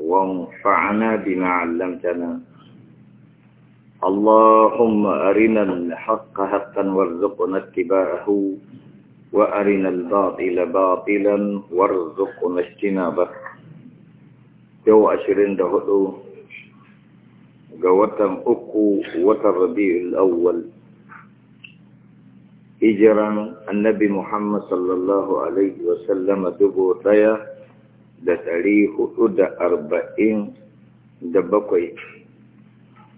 وانفعنا بما علمتنا اللهم أرنا الحق حقا وارزقنا اتباعه وأرنا الباطل باطلا وارزقنا اجتنابه جو أشرين دهدو قوتا أكو وتربيع الأول هجرا النبي محمد صلى الله عليه وسلم دبو تيه da ɗari hudu da arba'in da bakwai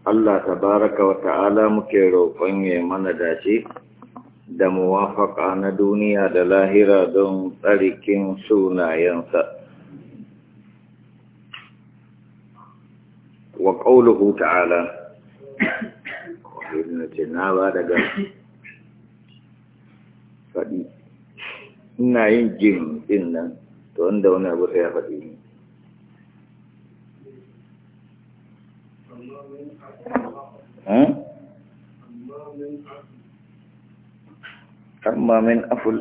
Allah ta baraka wa ta'ala muke roƙon ya mana dace da muwafaƙa na duniya da lahira don tsarikin sunayensa wa ƙaunuhu ta'ala na ba daga faɗi ina yin jin ɗin nan to wanda wani abu sai ya faɗi ne hmm? amma min aful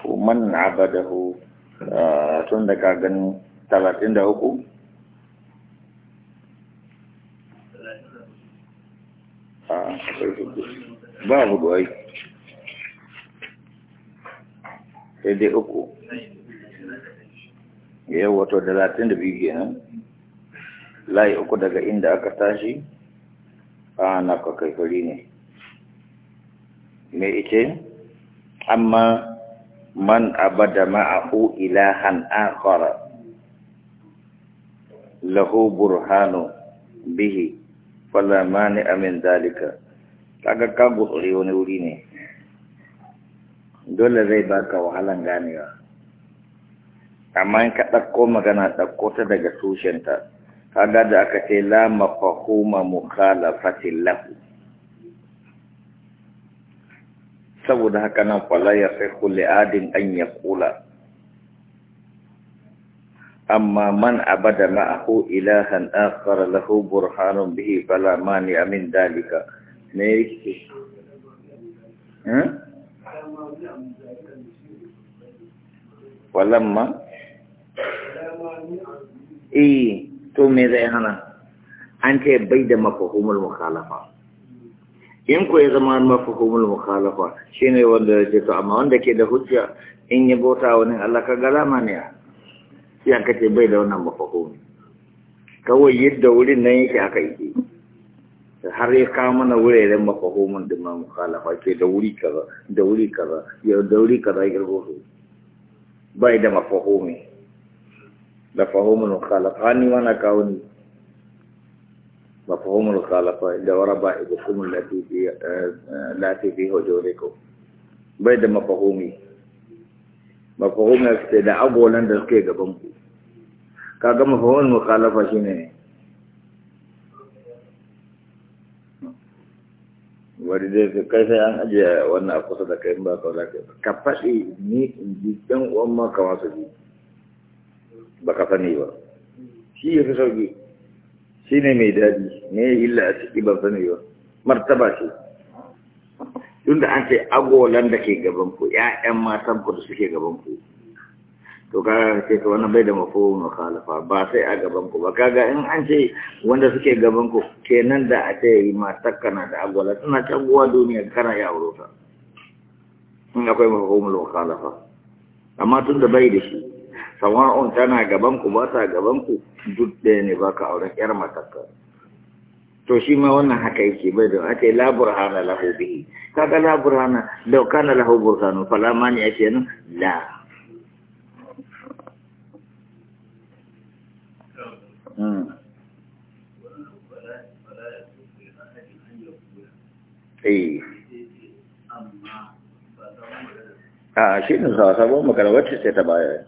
to man abadahu ah, tun da ka talatin da uku ba ah, hudu ai sai dai uku ya wato da latin da biyu kenan layi uku daga inda aka tashi a na kwakaifari ne mai ice amma man abada ma'ahu ilahan akhara lahu burhanu bihi falamani amin min dalika kaga ka gutsure wani wuri ne dole zai baka wahalan ganewa amma in ka ɗauko magana ɗauko ta daga tushenta kaga da aka ce la mafahuma mukhalafatin lahu saboda haka nan fala ya sai kulli adin an ya kula amma man abada ma'ahu ilahan akhar lahu burhanun bihi fala mani amin dalika ne yake hmm? walamma eh to me zai hana an ce bai da mafahumul mukhalafa in ko ya zama mafahumul mukhalafa shine wanda ya ce to amma wanda ke da hujja in yi bota wani Allah ka galama ne sai aka ce bai da wannan mafahumi kawai yadda wurin nan yake aka yi har ya kawo mana wuraren mafahomin da mamu khalafa ke da wuri kaza da wuri kaza ya da wuri kaza ya rubutu bai da mafahomi da fahomin khalafa ni wana kawo ni mafahomin khalafa da waraba ibukum lati latifi eh, eh, lati bi hujurikum bai da mafahomi mafahomi da agolan da suke gaban ku kaga mafahomin khalafa shine wani dai ka kai sai an ajiye wannan a kusa da kai ba ka za ka faɗi ni in ji ɗan uwan ma ka masu ji ba ka sani ba shi ya fi sauki shi ne mai daɗi ne illa a ciki ban sani ba martaba ce tunda an ce agolan da ke gaban ku ƴaƴan matan ku da suke gaban ku to ka ce ka wannan bai da mafhumin mukhalafa ba sai a gaban ku ba kaga in an ce wanda suke gaban ku kenan da a ce ma takkana da agwala suna canguwa duniya kana ya wurota in akwai mafhumin mukhalafa amma tun da bai da shi sawa'un tana gaban ku ba ta gaban ku duk ɗaya ne ba ka auren yar matakka to shi ma wannan haka yake bai da ake la burhana lahu kaga la burhana law kana lahu burhanu mani ake nan la eh a shi ne sabon magana wacce ce ta baya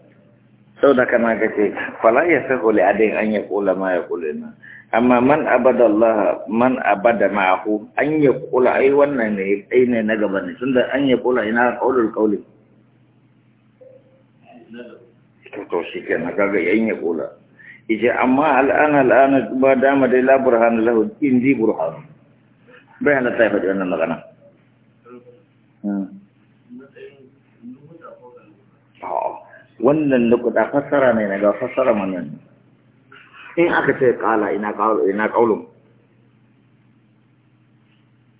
sau da kana ga ce fala ya sa kule adin an ya kula ma ya kula na amma man abada Allah man abada ma'ahu an ya kula ai wannan ne ai ne na gaba ne tunda an ya kula ina qaulul qauli to shi kenan kaga an ya kula yace amma al'ana al'ana ba dama dai la burhan lahu indi burhan bai halatta ya faɗi wannan magana hmm. wannan lukuta fassara ne na ga fassara wannan in aka ce kala ina ina kaulun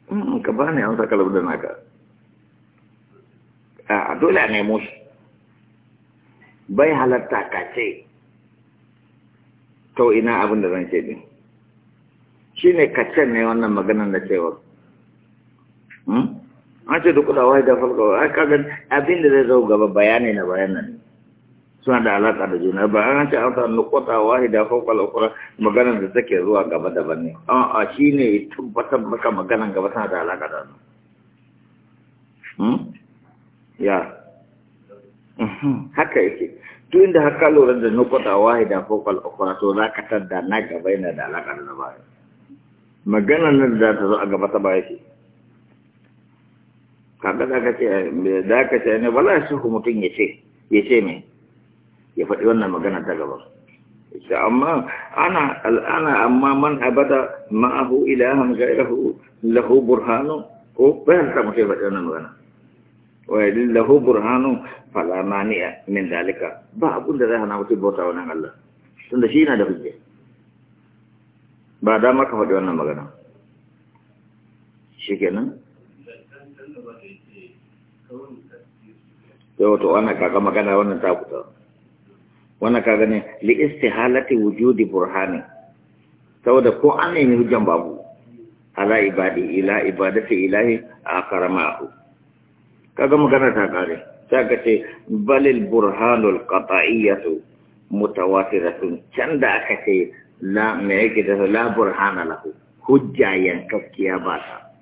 hmm, ka ba ne an saka labda naka a dole a nemo shi bai halatta ka ce to ina abin da zan ce din shi ne kacen ne wannan maganan da cewa hmm? an ce duk da wahida falka a kagan abin da zai zo gaba bayani na bayanan suna da alaƙa da juna ba an ce an sa nukwata da falka al'ukura maganan da take zuwa gaba da ne a shi ne tabbatar maka maganan gaba tana da alaƙa da hmm? ya hmm, haka yake tun inda haka lura da nukwata da falka al'ukura to za ka tadda na gaba yana da alaƙa da baya maganar nan da ta zo a gaba ta baya ke kaga za ka ce da ka ce ne wala shi ku mutum ya ce ya ce me ya faɗi wannan magana ta gaba ita amma ana al'ana amma man abada ma'ahu ilahan gairahu lahu burhanu ko bayan ta mutum ya faɗi wannan magana wa yadin lahu burhanu fala mani'a min dalika ba abun da zai hana mutum bauta wannan Allah tunda shi yana da hujja ba da maka faɗi wannan magana shi kenan yau to wannan kaga magana wannan ta kuta wannan kaga ne li istihalati wujudi burhani saboda ko an nemi hujjan babu ala ibadi ila ibadati ilahi akhara ma'ahu kaga magana ta kare ta ka ce balil burhanul qata'iyatu mutawatiratun can da aka ce la me yake da la burhana lahu hujja yankakkiya ba ta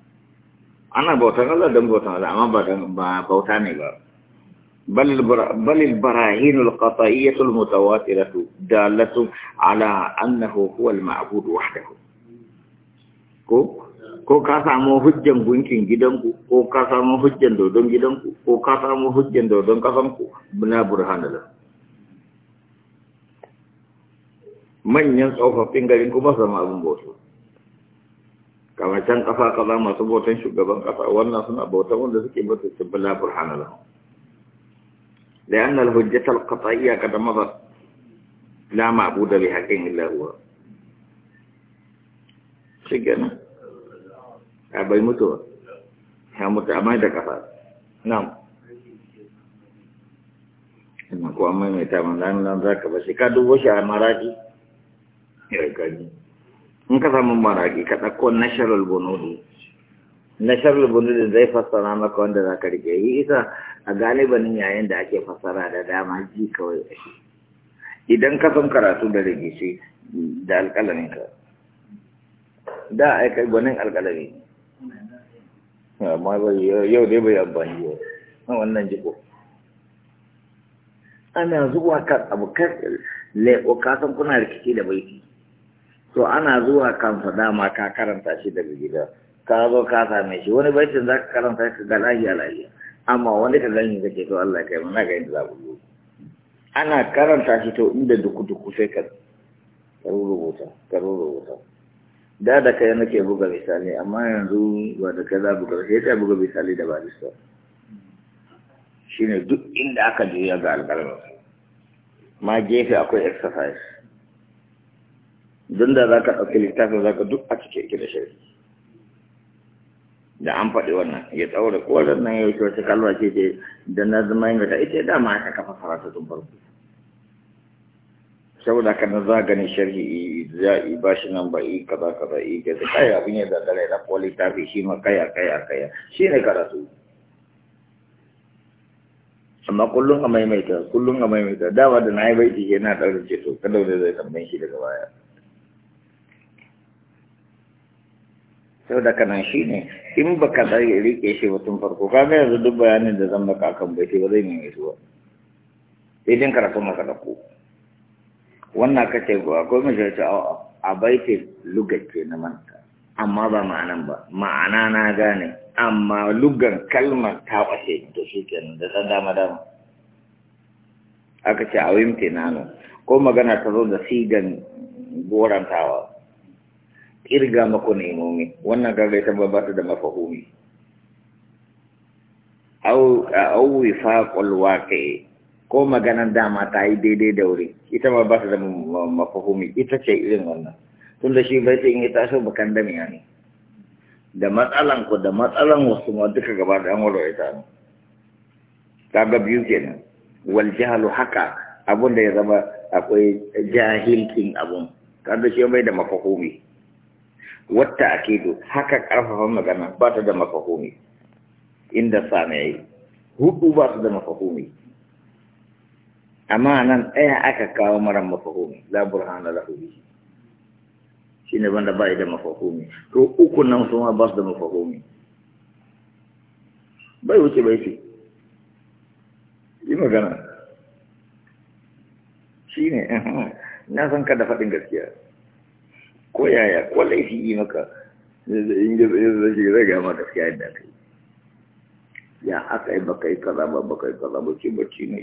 ana bautan Allah don bautan Allah amma ba bauta ne ba بل البراهين القطعية المتواترة دالة على أنه هو المعبود وحده ko ko ka samu hujjan gunkin gidanku ko ka samu hujjan dodon gidanku ko ka samu hujjan dodon kasanku na burhanallah manyan tsofaffin garin kuma zama abin boto. kamar can kafa kaza masu bautan shugaban kafa wannan suna bautan wanda suke bauta tabbala burhana lahu da yan alhujjat alqat'iyya kada mazar la ma'budu li haqqin illa huwa shigana a bai mutu ba ya mutu amma da kafa na'am ina ko amma mai ta manzan nan zaka ba shi ka dubo shi a maraji ya gani in ka samu maraki ka ɗauko nasharar bunuri nasharar bunuri zai fassara maka wanda za ka rike yi isa a galibanin yayin da ake fassara da dama ji kawai da shi idan ka san karatu da rage shi da alƙalamin ka da kai gwanin alƙalami amma yau dai bai amfani yau na wannan jiko ana zuwa kan abu kan leɓo kasan kuna rikici da baiti to ana zuwa kansa dama ka karanta shi daga gida ka zo ka same shi wani baitin za ka karanta ka ga lahiya lahiya amma wani ka gani kake to Allah kai mana ga inda za ku zo ana karanta shi to inda duku duku sai ka rubuta ka rubuta da da kai nake buga misali amma yanzu ba da kai za buga sai ta buga misali da barista shine duk inda aka je ya ga alƙalmin ma gefe akwai exercise don da za ka ɗauki littafin za ka duk a cike yake da shari da an faɗi wannan ya tsaura ko nan ya wuce wata kalma ce ce da na zama yin ta ita dama aka kafa farata tun farko saboda ka na gani sharhi za yi ba shi nan ba yi kaza kaza yi kaza kai abin ya zagara da ko littafi shi ma kaya kaya kaya shi ne karatu amma kullum a maimaita kullum a maimaita dama da na yi baiti ke na ɗaura ce to kada wanda zai tambayin shi daga baya sau da kanan shi ne in ba ka zai rike shi tun farko kaga yanzu duk bayanin da zan baka kan bai ba zai mai zuwa sai din karatu maka da ku wannan ka ce ko akwai majalci a baiti lugace na manta amma ba ma'anan ba ma'ana na gane amma lugan kalmar ta washe da shi kenan da zan dama dama aka ce a wimte nano ko magana ta zo da sigan gorantawa irga maku nemomi wannan gaga ita ba ta da mafahumi au fa wifaqul waqi ko maganar dama ta yi daidai da wuri ita ma ba ta da mafahumi ita ce irin wannan tun da shi bai ce in ita so bakan damiya ne da matsalan ku da matsalan wasu ma duka gaba da an warware ita ne kaga biyu nan wal jahalu haka abun da ya zama akwai jahilkin abun kaga shi bai da mafahumi wata akidu haka ƙarfafa magana ba ta da mafahumi inda sami yayi hudu ba su da mafahumi amma nan ɗaya aka kawo mara mafahumi hana burhana lahu bihi shine banda bai da mafahumi to uku nan su ma ba su da mafahumi bai wuce bai fi yi magana shine eh, eh, na san ka da faɗin gaskiya ko yaya ko laifi yi maka in ji zai shi zai da siya yadda kai ya aka yi baka yi kaza ba baka yi kaza ba ce bacci ne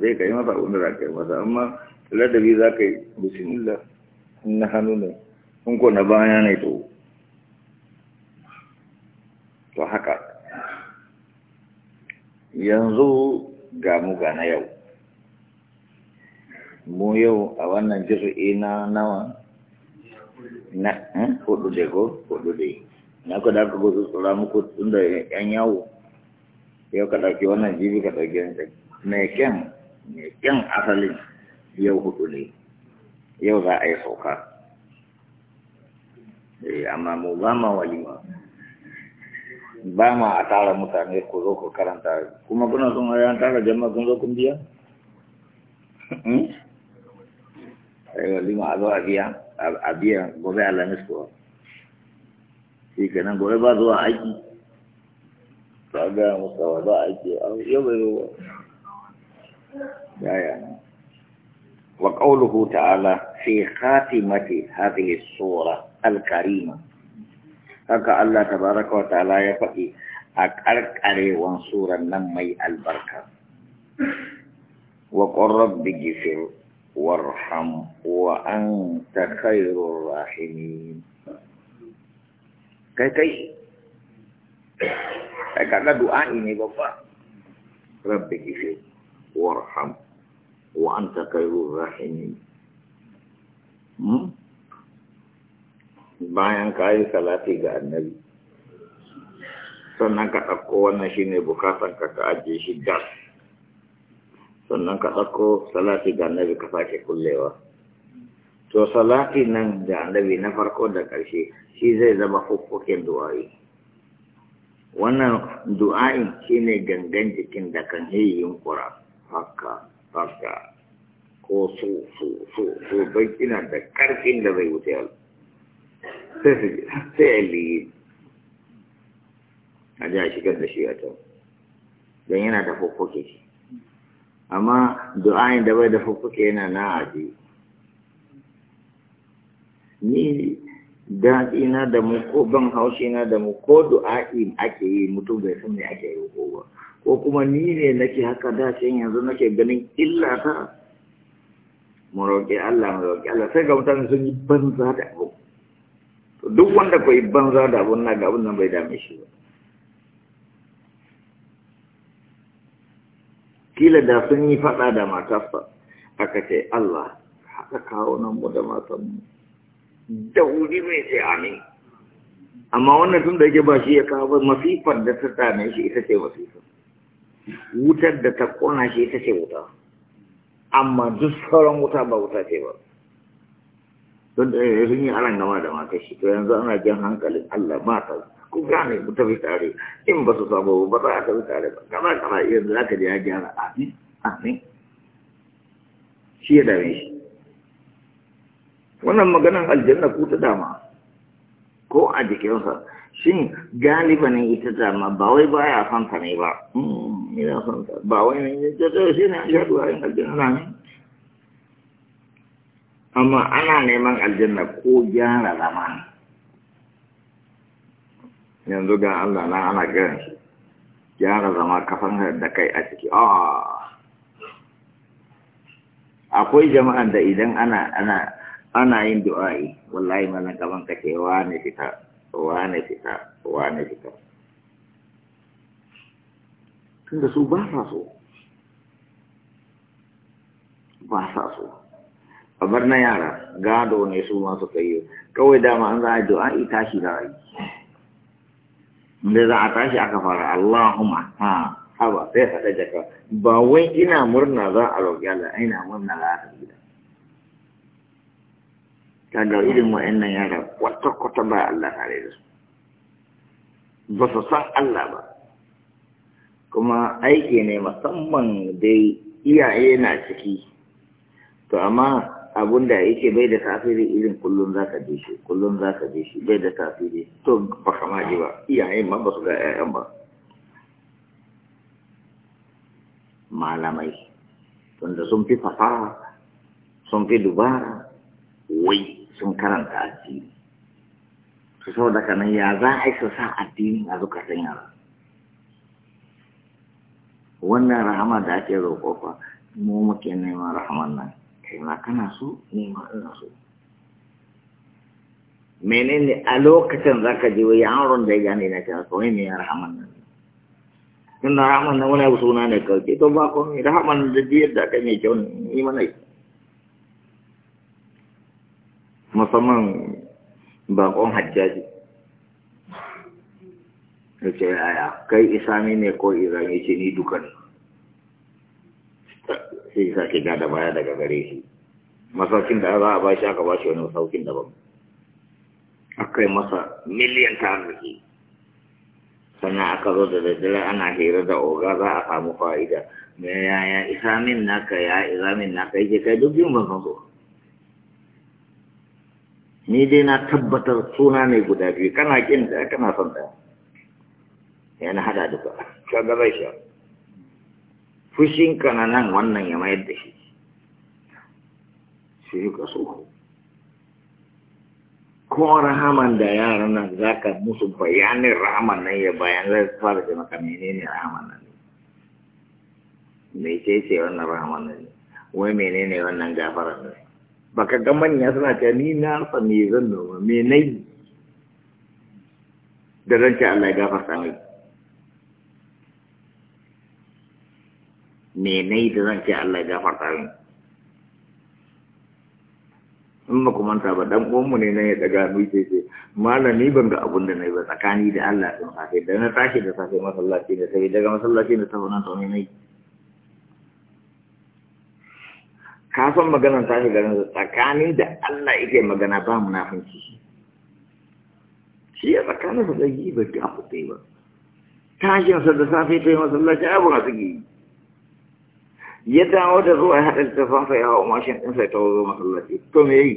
zai ka yi masa abin da yi masa amma ladabi za ka yi bismillah na hannu ne in ko na baya ne to to haka yanzu ga mu ga na yau mu yau a wannan jirgi na nawa na eh, hudu da ko hudu da na ku da ku gudu tsura muku tun da yan yawo yau ka ɗauki wannan jibi ka ɗauki yanzu mai kyan mai kyan asalin yau hudu ne yau za a yi sauka eh, amma mu ba ma walima ba ma a tara mutane ku zo ku karanta kuma kuna son a tara jama'a kun zo kun biya? Hmm? ayo lima adua aquí ya había gobe la mesco sí que no gobe adua aquí sabemos que adua aquí وقوله تعالى في خاتمة هذه الصورة الكريمة هكا الله تبارك وتعالى يفقي أكرك أري وانصورا نمي البركة وقل رب اغفر warham wa anta khairur rahimin kai kai kai doa ini bapak rabbi kisi warham wa anta khairur rahimin hmm? bayan kai salati ga annabi sannan ka ɗauko wannan bukatan ka ka sannan ka ɗauko salati ga annabi ka sake kullewa to salati nan da annabi na farko da ƙarshe shi zai zama hukukin du'a'i wannan du'a'in ne gangan jikin da kan yi yunkura haka haka ko su su su su bankina da ƙarfin da zai wuce sai liyi a ji a shigar da shi a can don yana da shi. amma du'ayin da bai da fuffuke yana na aji ni daɗina da mu ko ban haushi na da mu ko du'a'i ake yi mutum bai san me ake yi ko ba ko kuma ni ne nake haka dace yanzu nake ganin illa ta mu roƙi Allah mu roƙi Allah sai ga mutane sun yi banza da abu duk wanda ko yi banza da abu na ga abun nan bai dame shi ba kila da sun yi faɗa da matarsa aka ce Allah haka kawo nan mu da matanmu da wuri mai sai amin amma wannan tun da yake ba shi ya kawo masifar da ta dame shi ita ce masifa wutar da ta kona shi ita ce wuta amma duk sauran wuta ba wuta ce ba don da sun yi aran gama da matar shi to yanzu ana jan hankalin Allah matar ku gane ku tafi tare in ba su samu ba za a tafi tare ba kaza kaza yanzu za ka je ya gyara amin amin shi ya dame shi wannan maganan aljanna ku ta dama ko a jikinsa shin galiba ne ita dama ba wai ba ya fanta ne ba ina hmm, fanta ba wai ne ya ce shi ne an sha duwayen aljanna na ne amma ana neman aljanna ko gyara zama yanzu ga Allah nan ana kiran shi gyara zama kafan da kai a ciki ah. akwai jama'an da idan ana ana ana yin du'a'i wallahi mana gaban kake wane fita wane fita wane fita tunda su ba sa so ba sa so a bar na yara gado ne su masu kai kawai dama an za a du'a'i tashi da ra'ayi da a tashi aka fara Allahumma ha haba sai haɗa jaka ba wai ina murna za a roƙi Allah ina murna za a gida kaga irin wa'annan yara kwata-kwata ba Allah tare da su ba su san Allah ba kuma aiki ne musamman dai iyaye na ciki to amma abun da yake bai da tasiri irin kullum za ka je shi kullum za ka je shi bai da tasiri to ba kama ji ba iyayen ma ba su ga 'ya'yan ba malamai tunda sun fi fasaha sun fi dubara wai sun karanta addini su sau da kanan ya za a yi su sa addini a zukatan yara wannan rahama da ake roƙo fa mu muke neman rahaman nan kai kana so ni ma ina so menene a lokacin za ka ji wa yaron da ya gane na ta kawai ne ya rahaman nan tun da rahaman nan wani abu suna ne kauce to ba komai rahaman da biyar da aka mai kyau ne mana musamman bakon hajjaji da ce yaya kai isami ne ko irani ce ni dukan sai sa sake gada baya daga gare shi masaukin da za a ba shi aka ba shi wani masaukin daban akai masa miliyan ta arziki sannan aka zo da daddare ana hira da oga za a samu fa'ida me yaya isa naka ya isamin naka yake kai duk biyun ban ni dai na tabbatar suna ne guda biyu kana kin da kana son ɗaya yana hada duka kaga zai sha fushinka na nan wannan ya mayar da shi shi kaso ko rahaman da yaran nan za ka musu bayanin rahaman nan ya bayan zai fara ce maka menene rahaman nan mai ce ce wannan rahaman nan wai menene wannan gafaran nan baka ga manya suna ce ni na rasa me zan noma me nai da zan ce Allah ya gafarta mai me nai da zan ce Allah ya gafarta mai in ba ku manta ba dan uwanmu ne nan ya daga nuce ce malami ban ga abun da na yi ba tsakani da Allah din safe da na tashi da safe masallaci da sai daga masallaci da sabon nan tauni nayi ka san maganar shi garin tsakani da Allah yake magana ba munafinci shi ya tsakanin sa da yi ba ta fute ba tashin sa da safe ta yi masallaci abu na sigi yi ya dawo da zuwa ya haɗa fafa ya hau mashin ɗinsa ta wazo masallaci to me yi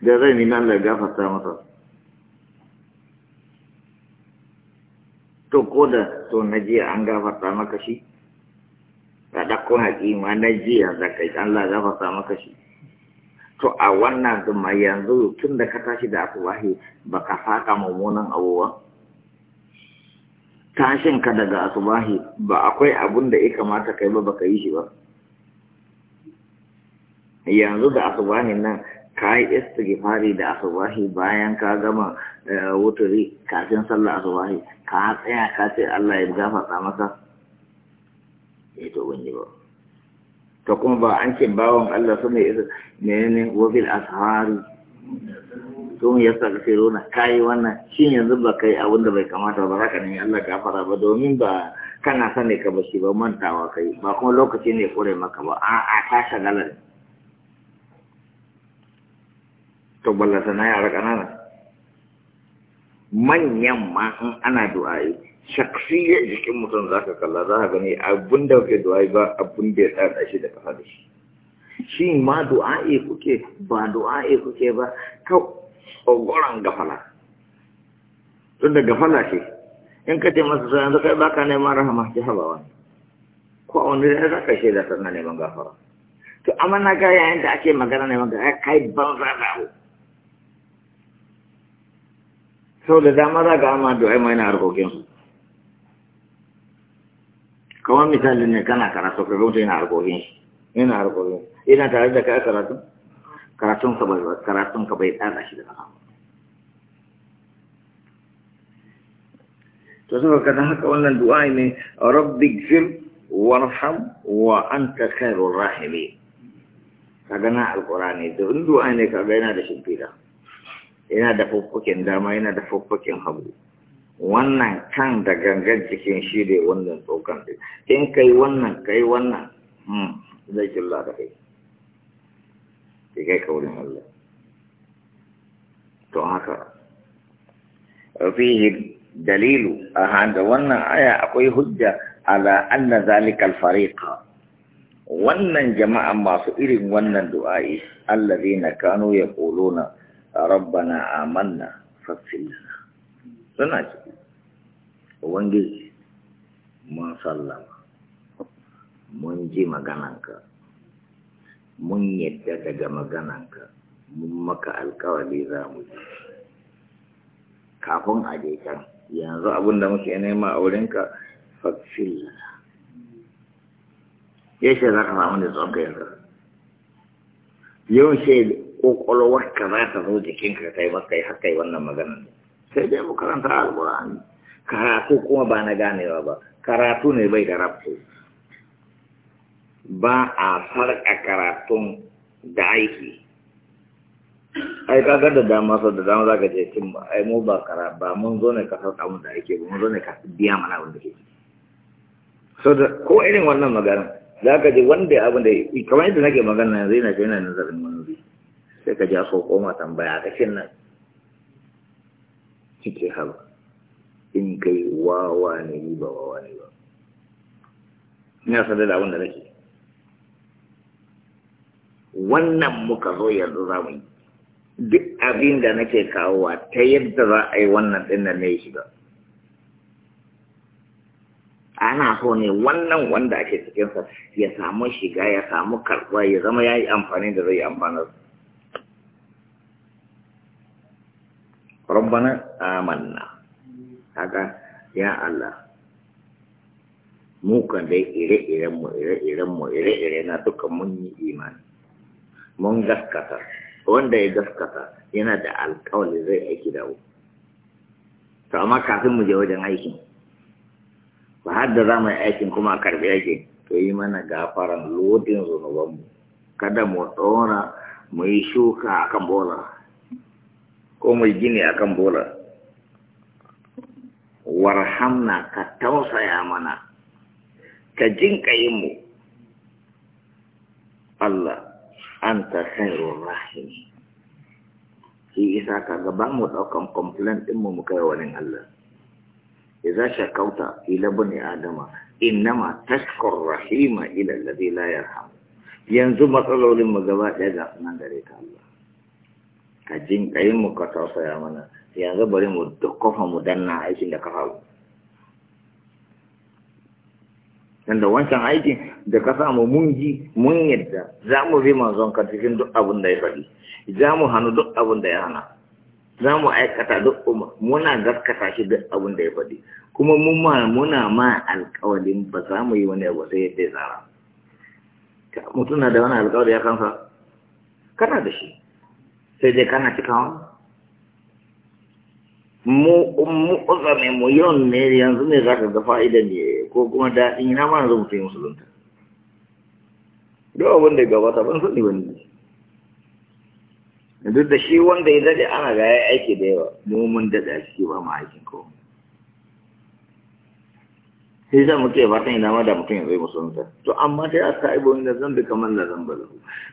da zai nemi Allah gafarta masa to ko da to na jiya an gafarta maka shi ka ɗakko ma na jiya da kai Allah gafarta maka shi to a wannan zuma yanzu tun da ka tashi da asubahi ba ka saka mummunan abubuwa tashin ka daga asubahi ba akwai abun da ya kamata kai ba baka yi shi ba yanzu da asubahi nan ka yi istighfari da asubahi bayan ka gama eh, wuturi kafin sallar asubahi ka tsaya ka ce Allah ya gafarta maka ya eh, to wani ba to kuma ba an ce bawon Allah su ne ne wafil ashari domin ya rona ka kayi wannan shi yanzu ba kai abin da bai kamata ba za ka nemi Allah gafara ba domin ba kana sani ka bashi ba mantawa kai ba kuma lokaci ne kure maka ba a a ta shagalar to ballata na yara kanana manyan ma in ana du'a'i shaksiyar jikin mutum za ka kalla za ka gani abin da kake du'a'i ba abin da ya tsada shi da kafa da shi shi ma du'a'i kuke ba du'a'i kuke ba tsogoran gafala tunda da gafala ce in ka ce masa da kai ba ka neman rahama ce haba wani ko a wani zai zaka shi da sanar neman gafara to amma na ga yayin da ake magana neman gafara kai banza da abu sau da dama za ga amma da aima yana harkokinsu kamar misalin ne kana karatu ka gauta yana harkokin shi yana harkokin yana tare da kai karatu karatun ka bai karatun ka bai tsada shi da kama to ka kada haka wannan du'a ne rabbi gfir warham wa anta khairur rahimin kaga na alqur'ani da du'a ne kaga yana da shimfida yana da fuffuken dama yana da fuffuken hagu wannan kan da gangan cikin shi ne wannan tsokan din in kai wannan kai wannan hmm, zai killa da kai sai kai ka wurin Allah to haka fihi dalilu a hada wannan aya akwai hujja ala anna zalikal fariqa wannan jama'an masu irin wannan du'a'i allazina kanu yaquluna rabbana amanna faghfir lana suna ciki ubangiji mun sallama mun ji magananka mun yadda daga magananka mun maka alkawari za mu yi kafin a je can yanzu abin da muke nema a wurinka ya yaushe za ka samu da tsonka yanzu kokolowar ka za ta zo jikinka ta yi maka yi haka yi wannan maganan sai dai mu karanta alƙur'ani karatu kuma ba na ganewa ba karatu ne bai da rafi ba a farka karatun da aiki ai kaga da dama sau da dama za ka ce cin ai mu ba kara ba mun zo ne ka sauka mun da aiki ba mun zo ne ka biya mana abin da ke so da ko irin wannan maganar za ka je wanda abin da kamar yadda nake magana yanzu yana ce yana nazarin wani sai ka a so koma tambaya ka ƙashin nan cike haba in kai wawa ne ba wawa ne ba ina sadar da abin da nake wannan muka zo yanzu za mu yi duk abin da nake kawowa ta yadda za a yi wannan ɗin da ne shiga ana so ne wannan wanda ake cikinsa ya samu shiga ya samu karɓa ya zama ya yi amfani da zai amfanar rabbana amanna haka ya Allah mu kan dai ire-iren mu ire-iren mu ire iren na dukkan mun yi imani mun gaskata wanda ya gaskata yana da alkawali zai aiki dawo to amma kafin mu je wajen aikin ba har da za mu yi aikin kuma a karɓi aikin to yi mana gafaran lodin zunubanmu kada mu ɗora mu yi shuka a kan bola ko mu yi gini a kan bola warhamna ka tausaya mana ka jinƙayinmu Allah anta khairur rahim shi isa ka ba mu daukan complaint din mu mu kai wani Allah idza shakauta ila bani adama innama tashkur rahima ila alladhi la yarham yanzu matsalolin mu gaba ɗaya ga nan gare ka Allah ka jin kayin mu ka tausaya mana yanzu bari mu dukofa mu danna aikin da ka faru Tunda wancan aikin da ka samu mun ji mun yadda za mu bi manzon ka cikin duk abin da ya faɗi za mu hannu duk abin da ya hana za mu aikata duk umar muna gaskata shi duk abin da ya faɗi kuma mun ma muna ma alƙawalin ba za mu yi wani abu sai yadda ya tsara mutum na da wani alƙawari ya kansa kana da shi sai dai kana cikawa mu mu uzame mu yau ne yanzu ne za ka ga fa'idan ne ko kuma daɗin yana ma zo mutum musulunta Dawa abin da gabata ban sani wani duk da shi wanda ya daɗe ana ga ya aiki da yawa mu mun daɗa ciki ba ma aikin ko sai za mu ce fatan yana ina ma da mutum ya zai musulunta to amma dai aka aibo da zan bi kamar da zan bazu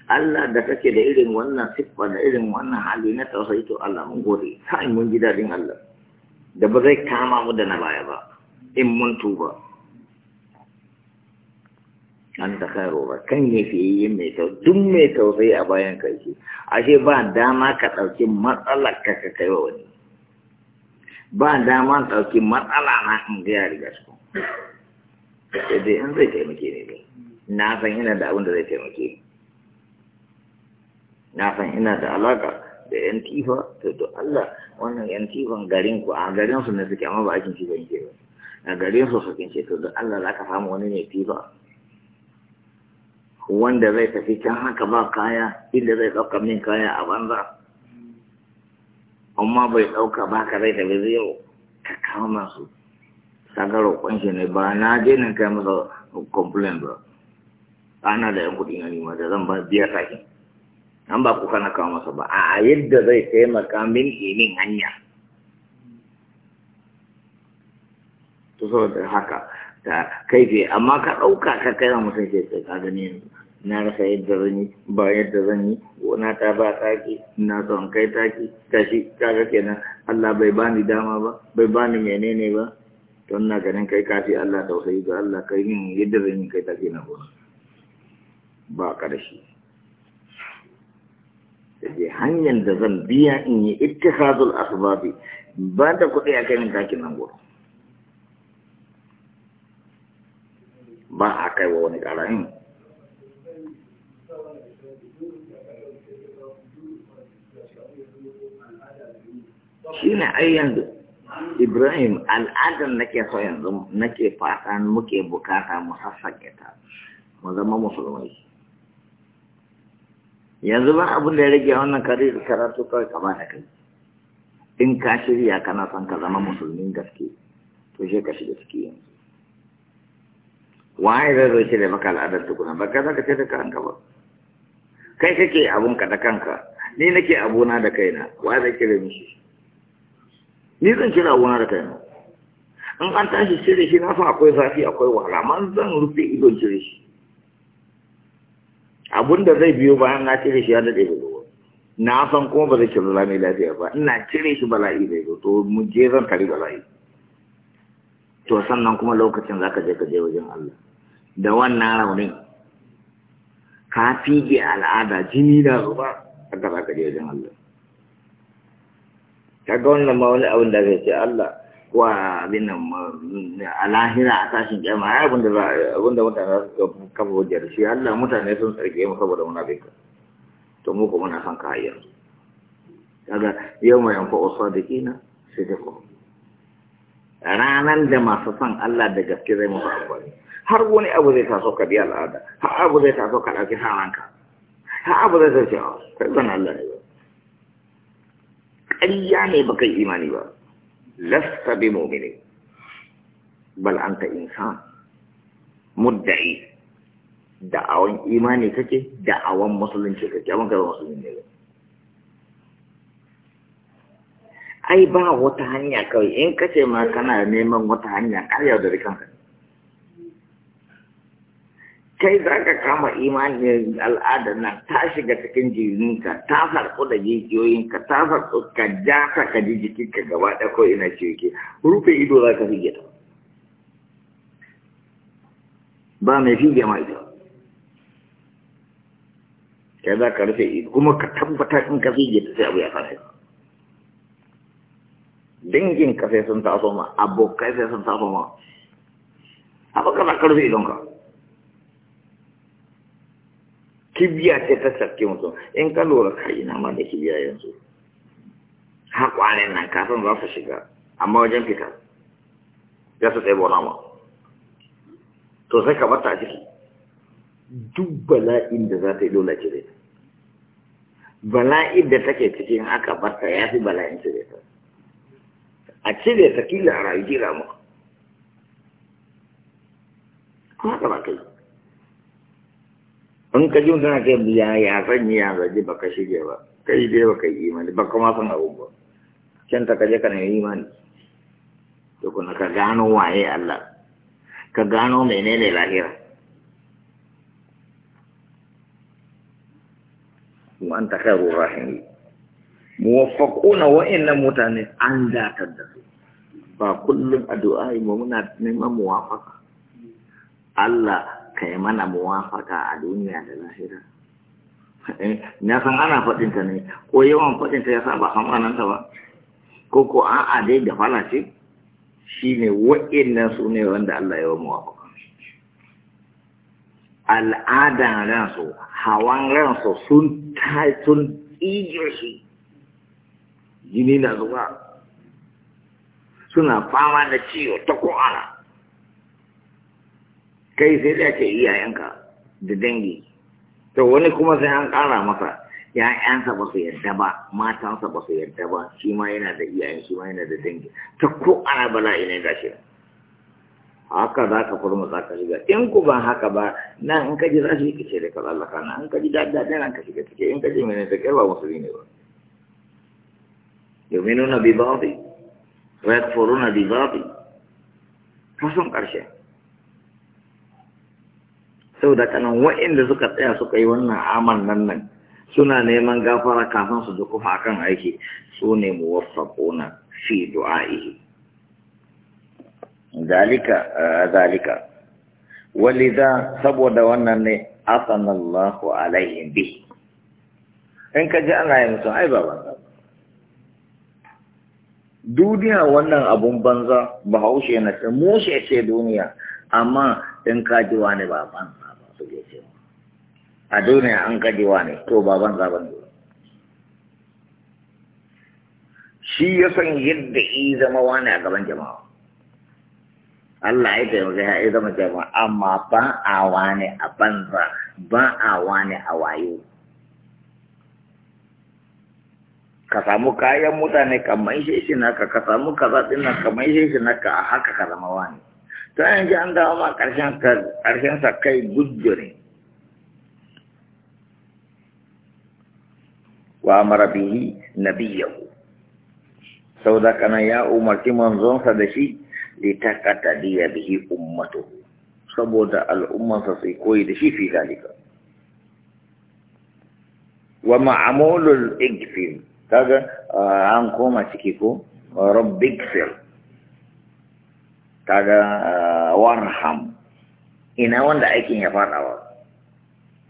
Allah da kake da irin wannan siffa da irin wannan hali na tausayi to Allah mun gode sai mun ji daɗin Allah da ba zai kama mu da na baya ba in mun tuba an ta karo ba kan ya fi yi mai tau duk mai tausayi a bayan karshe ashe ba dama ka ɗauki matsalar ka ka kai wa wani ba dama ka ɗauki matsala na in gaya riga su sai dai in zai taimake ne dai na san ina da abin da zai taimake na san ina da alaka da yan tifa to to Allah wannan yan tifan garin ku a garin su ne suke amma ba kin shi ba a garin su suke ce to don Allah zaka samu wani ne tifa wanda zai tafi can haka ba kaya inda zai ɗauka min kaya a banza amma bai ɗauka ba ka zai tafi zai yau ka kawo masu. saka roƙon ne ba na je nan kai masa complain ba ana da yan kuɗi na nima da zan ba biya sake an ba ku kana kawo masa ba a yadda zai taimaka min imin hanya to saboda haka ta kai amma ka ɗauka ka kai wa mutum ke ka gani yanzu na rasa yadda zan yi ba yadda zan yi na ta ba taki na son kai taki tashi kaga kenan Allah bai bani dama ba bai bani menene ba to ina ganin kai kafi Allah tausayi ga Allah kai yin yadda zan yi kai taki na gona ba karshe sai hanyar da zan biya in yi ittihadul asbabi ba da kuɗi a kai min takin nan gona ba a kai wa wani ƙara'in hmm. shi ne ai yanzu ibrahim al'adar nake so yanzu nake fata muke bukata mu sassake ta mu zama musulmai yanzu ba abin da ya rage wannan karatu kawai kama da kai in ka shirya kana son ka zama musulmin gaske to shi ka shiga ciki yanzu waye zai zo da maka al'adar tukuna ba ka zaka ce da kanka ba kai kake abun ka da kanka ni nake abuna da kaina wa zai kira mishi ni zan kira gona da kai in an tashi cire shi na san akwai zafi akwai wahala man zan rufe idon cire shi abun da zai biyo bayan na cire shi ya daɗe da zuwa na san kuma ba zai cire lami lafiya ba ina cire shi bala'i zai zo to mu je zan kari bala'i to sannan kuma lokacin za ka je ka je wajen Allah da wannan raunin ka fige al'ada jini da zuba ka za ka je wajen Allah kaga wannan ma wani abin da zai ce Allah wa abin nan a lahira a tashin jama'a ya abin da mutane su kafa wajen shi Allah mutane sun tsarki mu saboda ka to mu kuma na san ka hayar kaga yau mai yanfa usadiqina sidiqu ranan da masu san Allah da gaske zai musu amfani har wani abu zai taso ka biya al'ada har abu zai taso ka dauki haranka har abu zai taso kai ban Allah ne ƙarya ne baka yi imani ba lasta bi mu'mini bal anta insan mudda'i da'awan imani kake da'awan musulunci kake amma kai musulmi ne ai ba wata hanya kawai in kace ma kana neman wata hanya ka yaudari kanka kai za ka kama imanin al'adar nan ta shiga cikin jininka ta farko da jijiyoyinka ta farko ka ja ta ka ji jikinka gaba ɗaya ko ina ce yake rufe ido za ka fige ta ba mai fige ma ita kai za ka rufe ido kuma ka tabbata in ka fige ta sai abu ya fara dangin ka sai sun taso ma abokai sai sun taso ma abokan za ka rufe idonka kibiya ce ta sarki mutum in ka lura ka ina ma da kibiya yanzu haƙwanin nan kafin za su shiga amma wajen fita ya su tsaye nama to sai ka bata a ciki duk bala'in da za ta yi dole cire ta bala'in da take cikin aka barta ya fi bala'in cire ta a cire ta kila a rayu jira ma. kuma ka ba kai in ka ji mutum ka ya ya san yanzu ji baka shige ba kai dai baka yi imani baka ma san abu ba can ta kaje kana imani to kuna ka gano waye Allah ka gano menene lahira wa anta khairur rahim na wa inna mutane an datar da su ba kullum addu'a mu muna neman muwafaka Allah ka eh, yi mana muwafaka a duniya da lahira na san ana faɗinta ne ko yawan faɗinta ya sa ba san ananta ba ko ko a'a dai da falace shi ne wa'innan su ne wanda Allah ya wa muwafaka al'adan ransu hawan ransu sun sun ijiyar shi jini na zuwa suna fama da ciwo ta ko'ana kai sai da ce iyayenka da dangi to wani kuma sai an ƙara masa ya'yansa ba su yarda ba matansa ba su yarda ba shi ma yana da iyayen shi ma yana da dangi ta ko ana bala ne ga shi haka za ka furma za ka shiga in ku ba haka ba na in ka ji za su yi kice da ka Allah na in ka ji daɗi daɗi nan ka shiga cike in ka ji mene da kai ba musulmi ne ba yuminuna bi ba'di wa yakfuruna bi ba'di kasan ƙarshen saboda kanan wa'inda suka tsaya suka yi wannan aman nan nan suna neman gafara kafin su zukufa akan aiki su ne muwaffaquna fi du'a'ihi zalika eh, zalika walidha saboda wannan ne asanallahu alaihim bi in ka ji ana yin mutum ai ba banza duniya wannan abun banza bahaushe na ce mushe ce duniya amma in ka ji wani ba banza suke ce a duniya an gajewa ne to baban zaben shi ya san yadda i zama wani a gaban jama'a Allah ya taimaka ya zama jama'a amma ba a wani a banza ba a wani a wayo ka samu kayan mutane kamar shi shi naka ka samu kaza din nan kamar shi shi naka a haka ka zama wani ta yanzu an dawo ma ƙarshen sa kai gujjo ne wa amara bihi nabiyahu sau da kana ya umarci manzonsa da shi litakata diya bihi ummatu saboda al'ummansa sai koyi da shi fi zalika wa ma'amulul igfir kaga an koma ciki ko rabbigfir kaga ah, warham ina wanda aikin ya faɗawa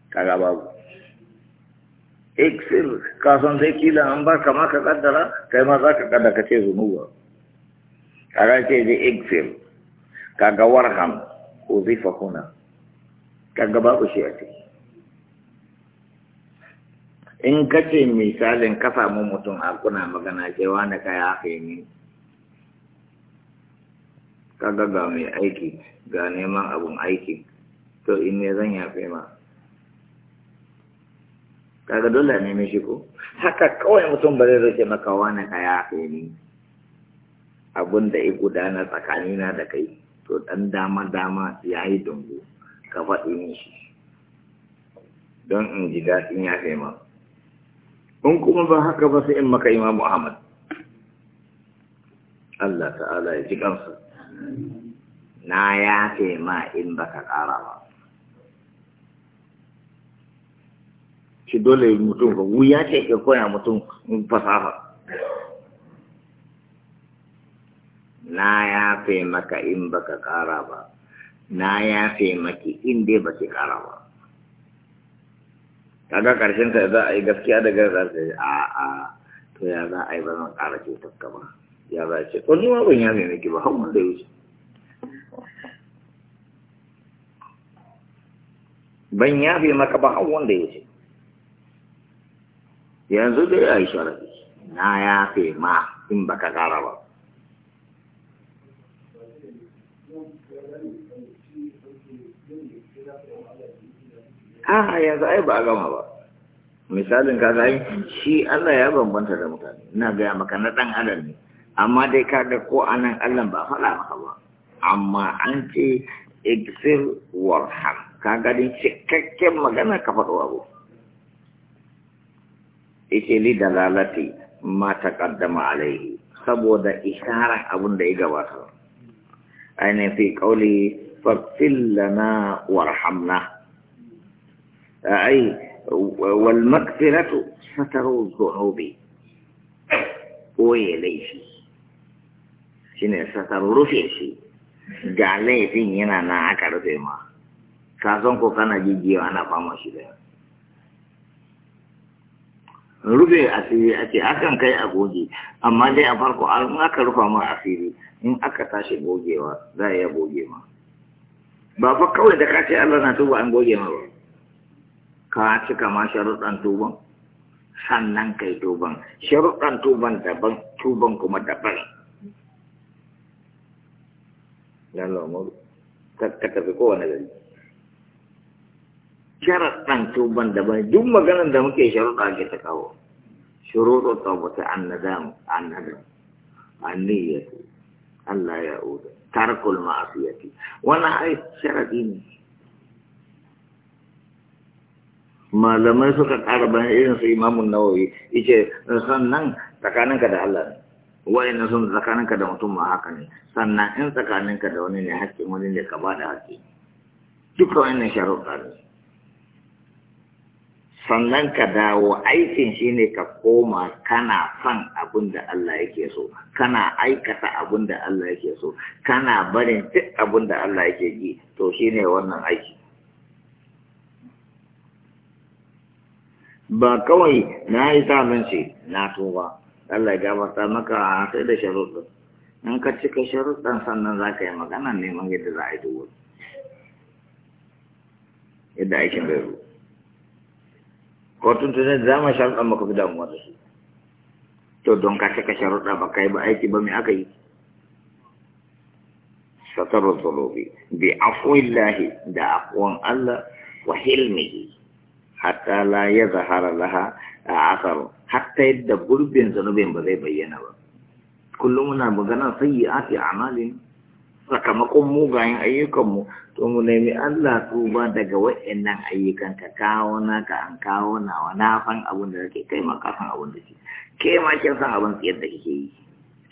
kaga babu iksir kasan sai kila an ba kama ka kaddara kai ma za ka kada ka ce zunuba kaga ce je iksir kaga warham uzifa kuna kaga babu shi a ciki in ce misalin ka samu mutum a kuna magana cewa na kai haka yi kaga ga mai aiki ga neman abun aiki to in ne zan yafe ma kaga dole ne mai shi ko haka kawai mutum ba zai zace maka wani ka yafe ni abun da ya gudana tsakanina da kai to dan dama dama ya yi dungu ka faɗi min shi don in ji daɗin yafe ma in kuma ba haka ba sai in maka imamu ahmad Allah ta'ala ya ji kansa na yafe ma in baka ƙara ba shi dole mutum ba wuya ce ke koya mutum fasaha na yafe maka in baka ƙara ba na yafe maki in dai baki ƙara ba kaga ƙarshen ta za a yi gaskiya da gaskiya a a to ya za a yi ba zan ƙara ce ka ba ya za ce to nima ban yame miki ba hawan da wuce ban yafe maka ba hawan da wuce yanzu dai a yi sharafi na yafe ma in baka kara ba A'a yanzu ai ba a gama ba. Misalin ka shi Allah ya bambanta da mutane. Ina gaya maka na ɗan adam ne. amma dai kaga ko anan Allah ba faɗa maka ba amma an ce iksir warham kaga din cikakken magana ka faɗo abu ita li dalalati ma taqaddama alaihi saboda isharar abun da ya gabata ainihin fi kauli faghfir lana warhamna ai والمغفرة ستر الذنوب laifi. shi ne sassan rufe shi ga laifin yana nan aka rufe ma kasan ko kana jijiya ana fama shi da rufe asiri ake akan kai a goge amma dai a farko an aka rufa ma asiri in aka tashi gogewa za a iya goge ma ba fa kawai da kace ce Allah na tuba an goge ma ba ka cika ma sharuɗan tuban sannan kai tuban sharuɗan tuban daban tuban kuma daban nan lamaru ko tafi kowane gari sharaɗan tuban da bane duk maganar da muke sharuɗa ke ta kawo shuruɗu tabbata an nadam an nadam an niyyatu Allah ya uda tarkul ma'asiyati wannan ai sharaɗi ne malamai suka ƙara bayan irin su imamun nawawi yace sannan tsakaninka da Allah ne Wani na sun tsakaninka da mutum ma haka ne sannan in tsakaninka da wani ne haƙƙin wani ne ka ba da haƙƙi duka wani sharuɗa ne sannan ka dawo aikin shi ne ka koma kana son abin da Allah yake so kana aikata abin da Allah yake so kana barin duk abin da Allah yake yi to shi ne wannan aiki ba kawai na yi zamanci na tuba Allah ya gabata maka a sai da sharuɗin in ka cika sharuɗin sannan za ka yi magana neman yadda za a yi dubu yadda aikin zai zo kotun tunan za mu sharuɗin maka fi damuwa da su to don ka cika sharuɗa ba ka yi ba aiki ba mai aka yi satar zunubi bi lahi, da afuwan Allah wa hilmihi hatta la ya zahara laha a asaru hatta yadda gurbin zanubin ba zai bayyana ba kullum muna magana sayyi'ati a'malin sakamakon mugayen ayyukanmu to mu nemi Allah tuba daga wa'annan ayyukan ka kawo na ka an kawo wa na fan abin da kake kai ma ka san abin da ke ke ma kin san abin da kike yi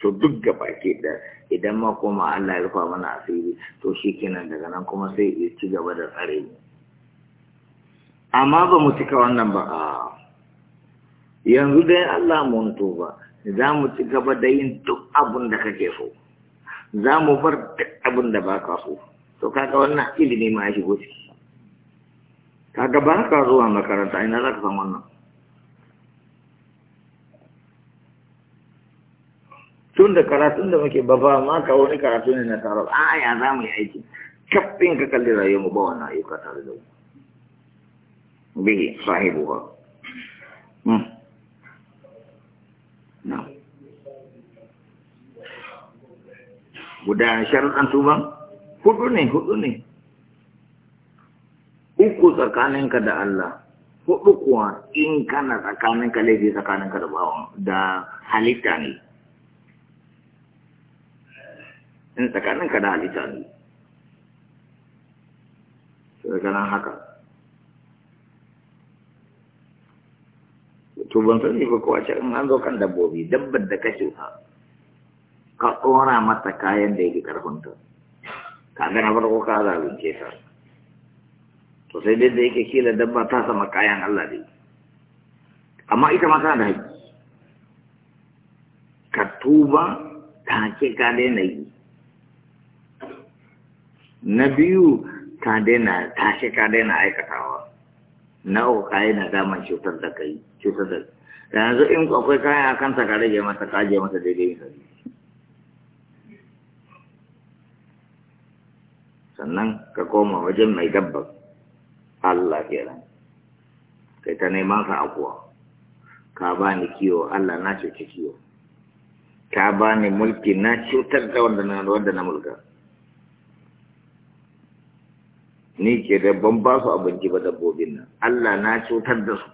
to duk da baki da idan ma kuma Allah ya rufa mana asiri to shikenan daga nan kuma sai ya ci gaba da tsare mu amma ba mu cika wannan ba ah. yanzu dai Allah mun tuba za mu ci gaba da yin duk abin da kake so za mu bar duk abin da ba ka so to kaga wannan ilimi ma ya shigo ciki kaga ba ka zuwa makaranta ina za ka san wannan tun da karatun da muke baba ma ka wani karatu ne na taro a ya za mu yi aiki kafin ka kalli rayuwar mu ba wannan ayyuka tare da mu bihi sahibuwa Mm. guda sharuɗan tuban hudu ne hudu ne uku tsakaninka da Allah hudu kuwa in kana tsakaninka laifi tsakaninka da bawan da halitta ne in tsakaninka da halitta ne tsakanin haka tuban sani ba kowace in an zo kan dabbobi dabbar da kashe ha ka tsora mata kayan da yake karfinta kaga na farko ka zalunce ta to sai dai da yake kila dabba ta sama kayan Allah dai amma ita ma tana da haƙƙi ka tuba ta ke ka daina yi na biyu ka daina ta ce ka daina aikatawa na uku ka yi nadaman cutar da kai cutar da kai. yanzu in akwai kayan akan ta ka rage mata ka je mata daidai misali sannan ka koma wajen mai dabbar Allah kenan kai ta neman ka akuwa ka ba ni kiwo Allah na cuci kiwo ka ba ni mulki na cutar da wanda na wanda na mulka ni ke da ban ba su abinci ba dabbobin nan Allah na cutar da su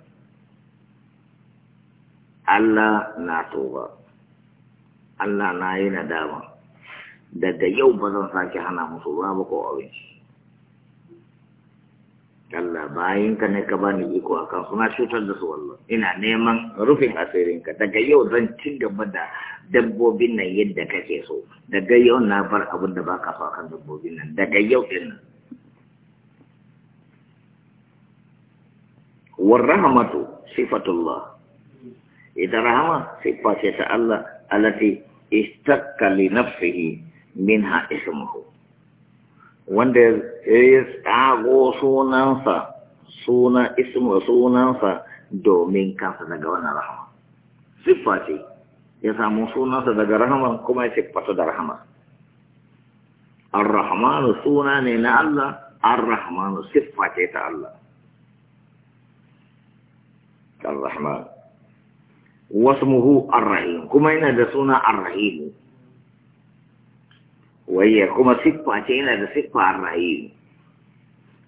Allah na toba Allah na yi nadama daga yau ba zan sake hana musu ruwa ba ko abinci Kalla bayan ka ne ka bani iko a suna cutar da su wallo ina neman rufin asirinka daga yau zan ci gaba da dabbobin nan yadda kake so daga yau na bar abin da ba ka so akan dabbobin nan daga yau din nan warrahamatu sifatullah ita rahama sifa ce ta Allah alati istakka li nafsihi minha ismuhu wanda ya tsago sunansa suna ismu sunansa domin kansa daga wannan rahama siffa ce ya samu sunansa daga rahama kuma ya siffata da rahama ar suna ne na Allah ar-rahmanu siffa ce ta Allah ar-rahman wasmuhu ar-rahim kuma yana da suna ar-rahim وهي كما صفة شينا صفة الرحيم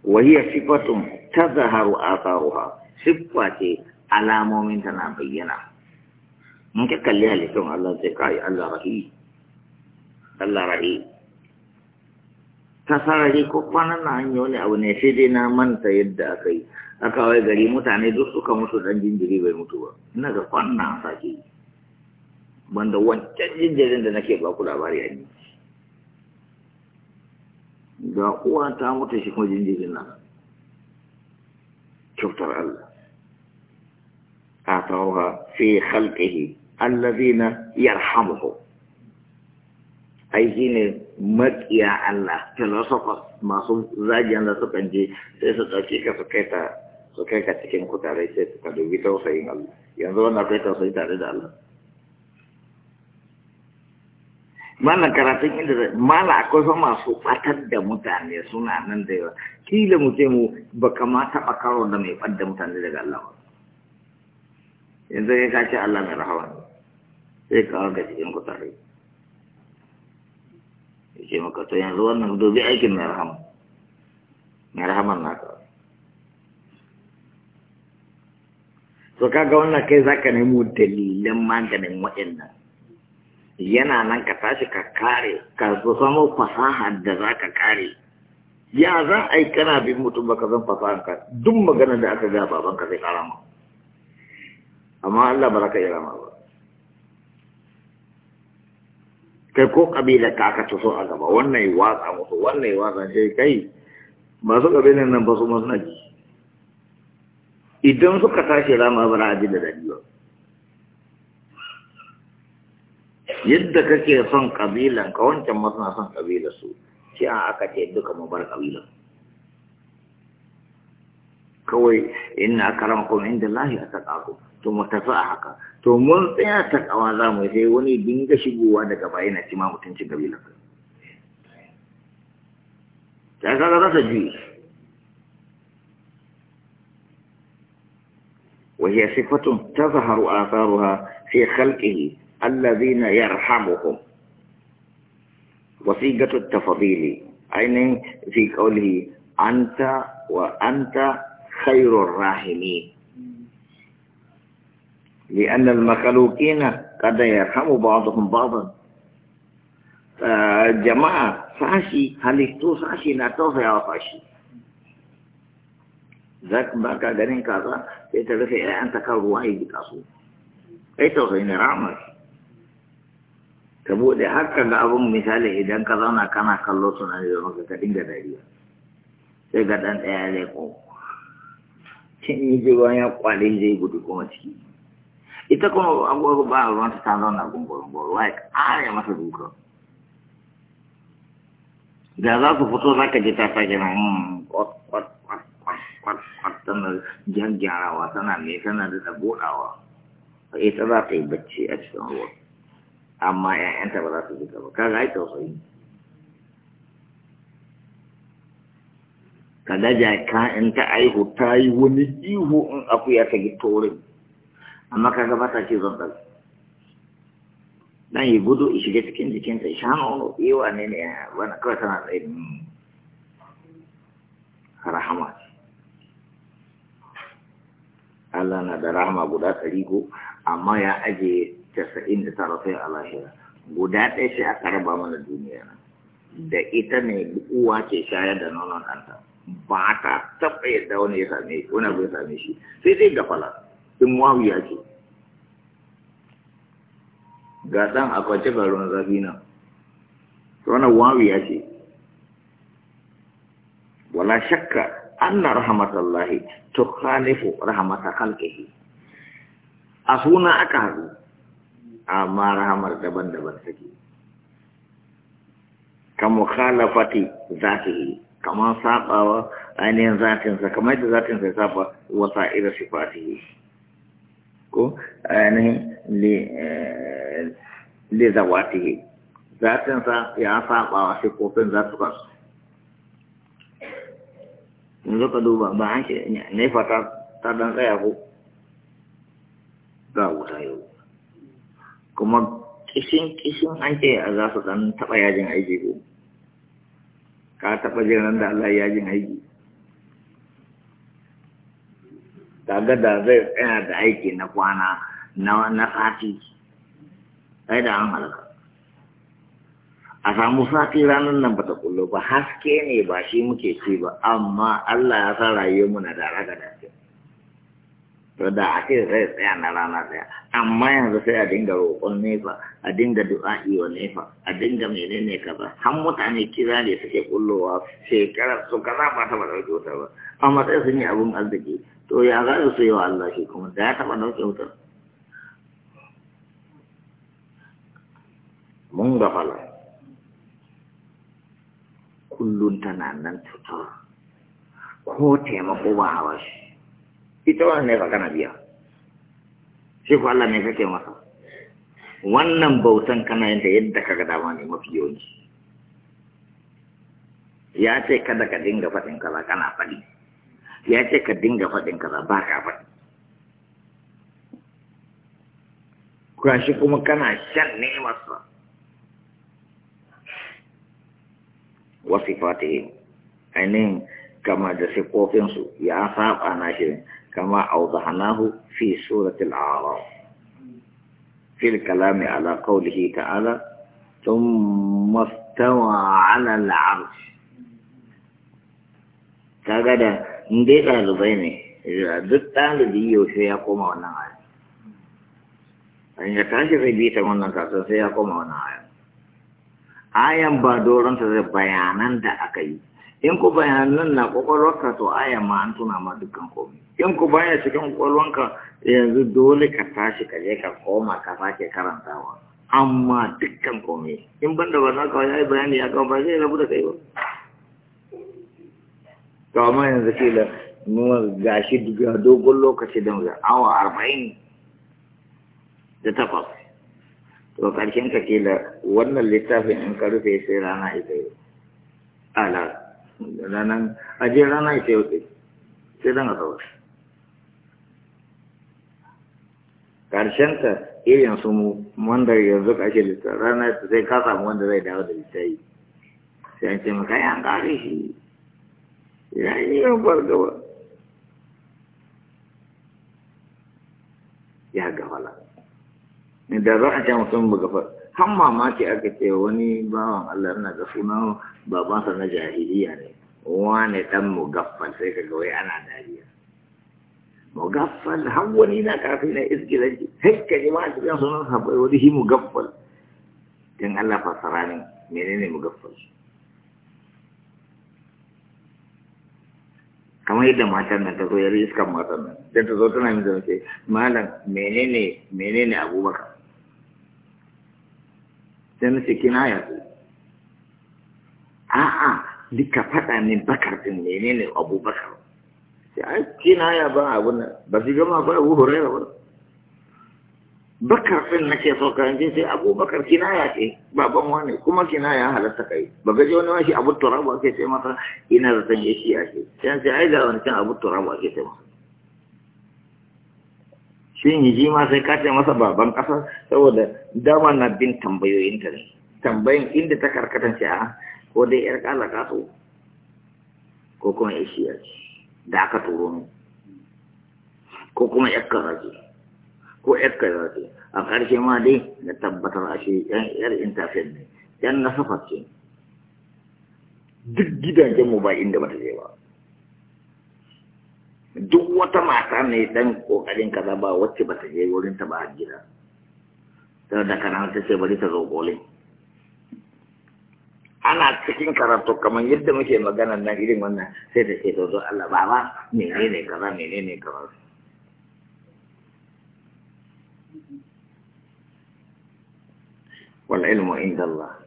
وهي صفة تظهر آثارها صفة على مؤمن تنبينا ممكن كلها لكم الله زكاي الله رحيم الله رحيم tasarari ko kwanan na an abu ne sai dai na manta yadda aka yi aka wai gari mutane duk suka mutu dan jinjiri bai mutu ba ina ga na sake yi banda jinjirin da nake ba ku labari a ga uwa ta mutu shi kuma jinjirin nan kyautar Allah a ta ruwa fi halƙihi allazi na yarhamuhu aiki ne maƙiya Allah filosofa masu zagiyar da su kan je sai su ɗauke ka su kai ka cikin kutare sai su ka dubi tausayin Allah yanzu wannan kai tausayi tare da Allah mana karatun inda mala akwai fa masu batar da mutane suna nan da yawa kila mu ce mu ba kamata a karo da mai ɓadda mutane daga Allah ba yanzu ya kace Allah mai rahawa ne sai ka ga cikin kutare. tare ya ce maka to yanzu wannan dubi aikin mai rahama mai rahaman naka to kaga wannan kai zaka nemo dalilan maganin waɗannan yana nan ka tashi ka kare ka samo fasahar da za ka kare ya za a yi kana bin mutum baka zan fasahar ka duk magana da aka gaba ban ka zai kara ma amma Allah ba za ka yi rama ba kai ko kabila ka aka taso a gaba wannan yi watsa musu wannan yi watsa sai kai masu kabilan nan ba su masu naji idan suka tashi rama ba za a ji da dadi ba yadda kake son kabilan ka wancan ma suna son kabilar su shi a aka ce duka mu bar kabilan kawai inna karamkum inda lahi a taƙaƙo to mu tafi a haka to mun tsaya taƙawa za mu sai wani dinga shigowa daga baya na cima mutuncin kabilan ka ta kaga rasa juyi وهي صفة تظهر آثارها في خلقه الذين يرحمهم وصيغة التفضيل أين في قوله أنت وأنت خير الراحمين لأن المخلوقين قد يرحم بعضهم بعضا آه، جماعة ساشي هل تو ساشي نتوفي أو ساشي ذاك ما كان كذا يتلفي إيه إيه أنت كالرواي بتاسو أي تو توفي نرامك ka buɗe har ka ga abin misali idan ka zauna kana kallo na da maka ka dinga dariya sai ga ɗan ɗaya zai ko cin yi ji ruwan ya kwale zai gudu kuma ciki ita kuma agogo ba a ruwan ta zauna gungurin goro wai ƙara masa duka da za su fito za ka ji ta sake na hmm, kwat-kwat-kwat tana gyarawa tana mai tana da buɗawa ita za ta yi bacci a cikin ruwan amma ‘ya'yanta ba za su ji gaba kaga ai tausayi ka daja ka in ta aihu ta yi wani ihu in akuya ta gi torin amma kaga ba ta ce zon dan yi gudu i shiga cikin jikinta sha nono yi wa ne ne wani kawai tana tsaye hmm. rahama ce Allah na da rahama guda ɗari ko amma ya ajiye casa'in da tara sai a lahira guda ɗaya shi a karaba mana duniya da ita ne uwa ce shayar da nonon ɗanta ba ta taɓa yadda wani ya same shi wani abu ya same shi sai dai gafala in wawiya ce ga ɗan a kwance ga ruwan zafi nan wannan wawiya ce wala shakka anna rahmatallahi tukhalifu rahmata khalqihi a suna aka haɗu amma rahamar daban-daban take ka mukhalafati zatihi kamar sabawa ainihin zatinsa kamar yadda zatinsa ya saba wasa ira sifatihi ko ainihin li eh, zawatihi zatinsa ya saba wa sifofin zatukan yanzu ka duba ba an ce nefa ta dan tsaya ko za a wuta yau kuma kishin kishin an ce a za su dan taɓa yajin aiki ko ka taɓa jin da Allah yajin aiki kaga da zai tsaya da aiki na kwana na na sati sai da an halaka a samu sati ranar nan ta kullo ba haske ne ba shi muke ci ba amma Allah ya sa rayuwar mu na da raga da to da a ce zai tsaya na rana ɗaya amma yanzu sai a dinga roƙon nefa a dinga du'a'i wa nefa a dinga menene kaza har mutane kira ne suke kullowa shekarar su kaza ba ta ba ɗauke wuta ba amma sai sun yi abun arziki to ya za su yi wa Allah shi kuma da ya taɓa ɗauke wutar mun gafala kullum tana nan cutar ko taimako ba hawa shi. ita wannan nefa kana biya shi ko Allah ne kake masa wannan bautan kana yin yadda ka ga dama ne mafi yawanci ya ce kada ka dinga faɗin kaza kana faɗi ya ce ka dinga faɗin kaza ba ka faɗi shi kuma kana shan nemarsa wasu fatihin ainihin kama da siffofinsu ya saba na shirin كما أوضحناه في سورة الأعراف في الكلام على قوله تعالى ثم استوى على العرش كذا ندير الظيني دتا لدي يوشي يقوم وانا عاي عندما كانت ربيتا وانا كاسا سيقوم وانا عاي عاي بادورا سيبايانا دا أكيد in ku bayanan na kwakwalwarka to aya ma an tuna ma dukkan komai in ku baya cikin kwakwalwarka yanzu dole ka tashi ka je ka koma ka sake karantawa amma dukkan komai in ban da wannan kawai ya yi bayani ya kawai ba zai rabu da kai ba to amma yanzu kila nuna gashi ga dogon lokaci da awa arba'in da takwas to karshen ka kila wannan littafin in ka rufe sai rana ita yi ala ranar ajiyar rana ita yau ce sai zan asabar ta irin su mu wanda yanzu ka ake littafi rana sai ka samu wanda zai dawo da littafi sai an ce maka yan kare shi ya yi yin fargaba ya gafala da za a ce mutum ba gafala Han mamaki aka ce wani bawan Allah na ga sunan babansa na jahiliya ne wane dan mugaffal sai ka ga wai ana dariya mugaffal har wani na kafin na iskilanci sai ka ji ma a cikin sunan sabai wani shi mugaffal don Allah fasara ne menene mugaffal kamar yadda matan nan ta zo yar iskan matan nan don ta zo tana min zama ce malam menene menene abubakar sai na ce kina ya zo a'a duka faɗa ne bakar ɗin menene abubakar sai a kina ya ba abun nan ba su gama ba abu huraira ba bakar ɗin nake so ka kan sai abubakar kina ya ce baban wani kuma kina ya halatta kai ba ga wani ma shi abu turaba ke sai masa ina zan yi shi ya ce sai ai ga wani can abu turaba ke sai masa shin yi ma sai kace masa baban ƙasa saboda dama na bin tambayoyin ta ne tambayin inda ta karkatan ce a ko dai yar kala kaso ko kuma ishiya da aka turo ne ko kuma yar ce ko yar ce a karshe ma dai na tabbatar a shi yar interface ne yan na ce duk gidajen mu ba inda ta ce ba duk wata mata ne dan kokarin kaza ba wacce ba ta je wurin ta ba a gida ta da kana ta ce bari ta zo gole ana cikin karatu kamar yadda muke magana nan irin wannan sai ta ce to Allah baba menene kaza menene kaza wal ilmu inda Allah